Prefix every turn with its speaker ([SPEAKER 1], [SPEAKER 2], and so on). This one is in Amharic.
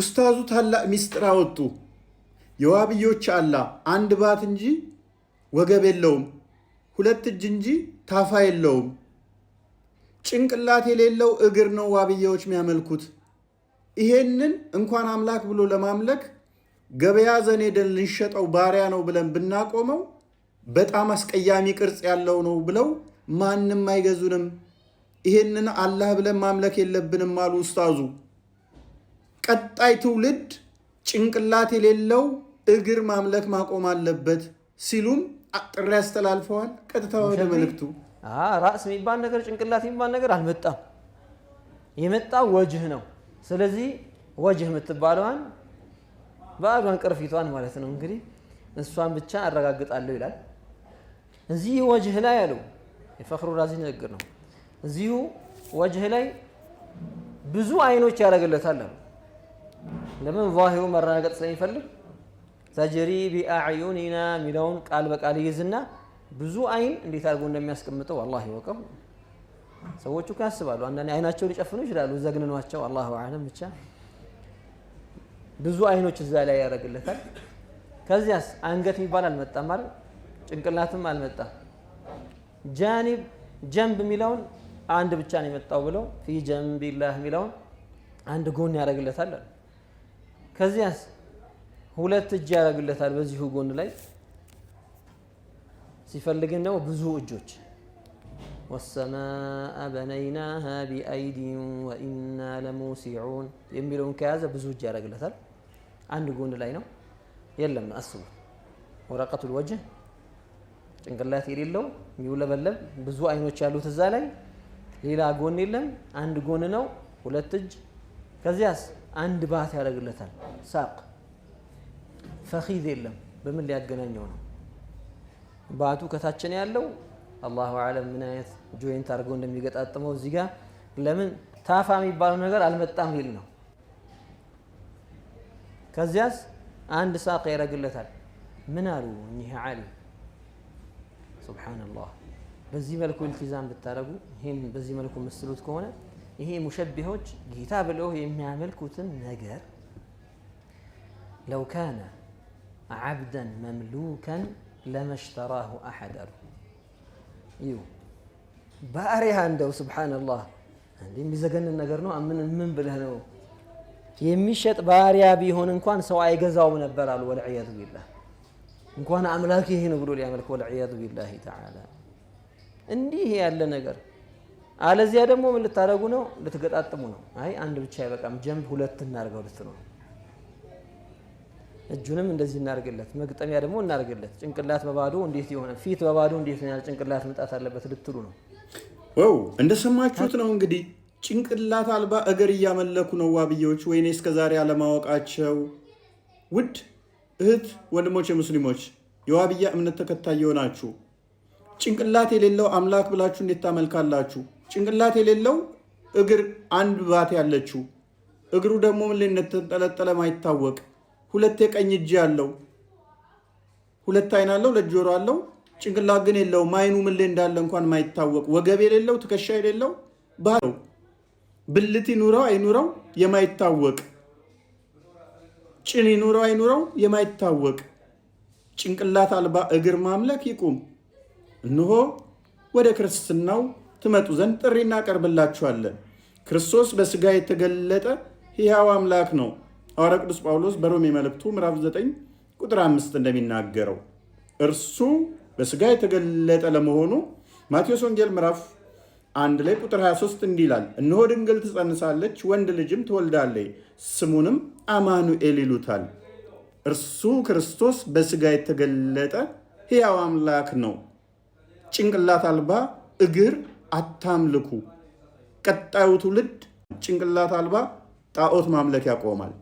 [SPEAKER 1] ኡስታዙ ታላቅ ሚስጥር አወጡ። የዋብዮች አላ አንድ ባት እንጂ ወገብ የለውም፣ ሁለት እጅ እንጂ ታፋ የለውም፣ ጭንቅላት የሌለው እግር ነው ዋብያዎች የሚያመልኩት። ይሄንን እንኳን አምላክ ብሎ ለማምለክ ገበያ ዘኔደን ልንሸጠው ባሪያ ነው ብለን ብናቆመው በጣም አስቀያሚ ቅርጽ ያለው ነው ብለው ማንም አይገዙንም። ይሄንን አላህ ብለን ማምለክ የለብንም አሉ ኡስታዙ። ቀጣይ ትውልድ ጭንቅላት የሌለው እግር ማምለክ ማቆም አለበት ሲሉም ጥሪ ያስተላልፈዋል። ቀጥታ ወደ መልእክቱ
[SPEAKER 2] ራስ የሚባል ነገር ጭንቅላት የሚባል ነገር አልመጣም። የመጣ ወጅህ ነው። ስለዚህ ወጅህ የምትባለዋን በአዷን ቅርፊቷን ማለት ነው እንግዲህ እሷን ብቻ አረጋግጣለሁ ይላል። እዚህ ወጅህ ላይ ያለው የፈክሩ ራዚ ንግግር ነው። እዚሁ ወጅህ ላይ ብዙ አይኖች ያደርግለታል አሉ ለምን ዛሂሩ መረጋገጥ ስለሚፈልግ ተጅሪ ቢአዕዩኒና የሚለውን ቃል በቃል ይይዝና ብዙ አይን እንዴት አድርጎ እንደሚያስቀምጠው አላህ ይወቀው። ሰዎቹ ካስባሉ አንዳንድ አይናቸው ሊጨፍኑ ይችላሉ፣ ዘግንኗቸው። አላሁ አለም ብቻ ብዙ አይኖች እዛ ላይ ያደርግለታል። ከዚያስ አንገት የሚባል አልመጣም አይደል? ጭንቅላትም አልመጣም። ጃኒብ ጀንብ የሚለውን አንድ ብቻ ነው የመጣው ብለው ፊ ጀንቢላህ የሚለውን አንድ ጎን ያደርግለታል ከዚያስ ሁለት እጅ ያደርግለታል በዚሁ ጎን ላይ ሲፈልግን ደግሞ ብዙ እጆች ወሰማአ በነይናሃ ቢአይዲን ወኢና ለሙሲዑን የሚለውን ከያዘ ብዙ እጅ ያደርግለታል። አንድ ጎን ላይ ነው። የለም አስቡ፣ ወረቀቱ ወጅህ ጭንቅላት የሌለው የሚውለበለብ ብዙ አይኖች ያሉት እዛ ላይ ሌላ ጎን የለም። አንድ ጎን ነው፣ ሁለት እጅ ከዚያስ አንድ ባት ያደርግለታል። ሳቅ ፈኺዝ የለም። በምን ሊያገናኘው ነው? ባቱ ከታችን ያለው አላሁ አለም ምን አይነት ጆይንት አድርገው እንደሚገጣጥመው እዚህ ጋር ለምን ታፋ የሚባለው ነገር አልመጣም ሊል ነው። ከዚያስ አንድ ሳቅ ያደርግለታል። ምን አሉ እኚህ ዓሊም ሱብሓነላህ። በዚህ መልኩ ኢልቲዛም ብታደርጉ ይህም በዚህ መልኩ ምስሉት ከሆነ ይሄ ሙሸቢሆች ጌታ ብለው የሚያመልኩትን ነገር ለው ካነ ዓብደን መምሉከን ለመሽተራሁ አሐድ አሉ። እዩ ባሪያ እንደው ስብሓነላህ የሚዘገንን ነገር ነው። ምን ምን ብለህ ነው የሚሸጥ ባሪያ ቢሆን እንኳን ሰው አይገዛውም ነበር አሉ። ወልዕያዙ ቢላህ እንኳን አምላክ ይሄ ነው ብሎ ሊያመልክ ወልዕያዙ ቢላሂ ተዓላ እንዲህ ያለ ነገር አለዚያ ደግሞ ምን ልታደርጉ ነው? ልትገጣጥሙ ነው። አይ አንድ ብቻ አይበቃም፣ ጀንብ ሁለት እናርገው ልት ነው። እጁንም እንደዚህ እናርግለት፣ መግጠሚያ ደግሞ እናርግለት። ጭንቅላት በባዶ እንዴት የሆነ ፊት በባዶ እንዴት ያለ ጭንቅላት መጣት አለበት ልትሉ ነው።
[SPEAKER 1] ወው እንደሰማችሁት ነው እንግዲህ ጭንቅላት አልባ እግር እያመለኩ ነው ዋብዬዎች። ወይኔ እስከዛሬ አለማወቃቸው። ውድ እህት ወንድሞች፣ የሙስሊሞች የዋብያ እምነት ተከታይ የሆናችሁ ጭንቅላት የሌለው አምላክ ብላችሁ እንዴት ታመልካላችሁ? ጭንቅላት የሌለው እግር አንድ ባት ያለችው እግሩ ደግሞ ምን እንደተንጠለጠለ ማይታወቅ ሁለት የቀኝ እጅ ያለው ሁለት አይን አለው ሁለት ጆሮ አለው ጭንቅላት ግን የለው አይኑ ምን ላይ እንዳለ እንኳን ማይታወቅ ወገብ የሌለው ትከሻ የሌለው ባለው ብልት ይኑረው አይኑረው የማይታወቅ ጭን ይኑረው አይኑረው የማይታወቅ ጭንቅላት አልባ እግር ማምለክ ይቁም። እንሆ ወደ ክርስትናው ትመጡ ዘንድ ጥሪ እናቀርብላችኋለን። ክርስቶስ በስጋ የተገለጠ ሕያው አምላክ ነው። ሐዋርያ ቅዱስ ጳውሎስ በሮሜ መልእክቱ ምዕራፍ 9 ቁጥር 5 እንደሚናገረው እርሱ በስጋ የተገለጠ ለመሆኑ ማቴዎስ ወንጌል ምዕራፍ አንድ ላይ ቁጥር 23 እንዲህ ይላል፣ እነሆ ድንግል ትጸንሳለች፣ ወንድ ልጅም ትወልዳለች፣ ስሙንም አማኑኤል ይሉታል። እርሱ ክርስቶስ በስጋ የተገለጠ ሕያው አምላክ ነው። ጭንቅላት አልባ እግር አታምልኩ። ቀጣዩ ትውልድ ጭንቅላት አልባ ጣዖት ማምለክ ያቆማል።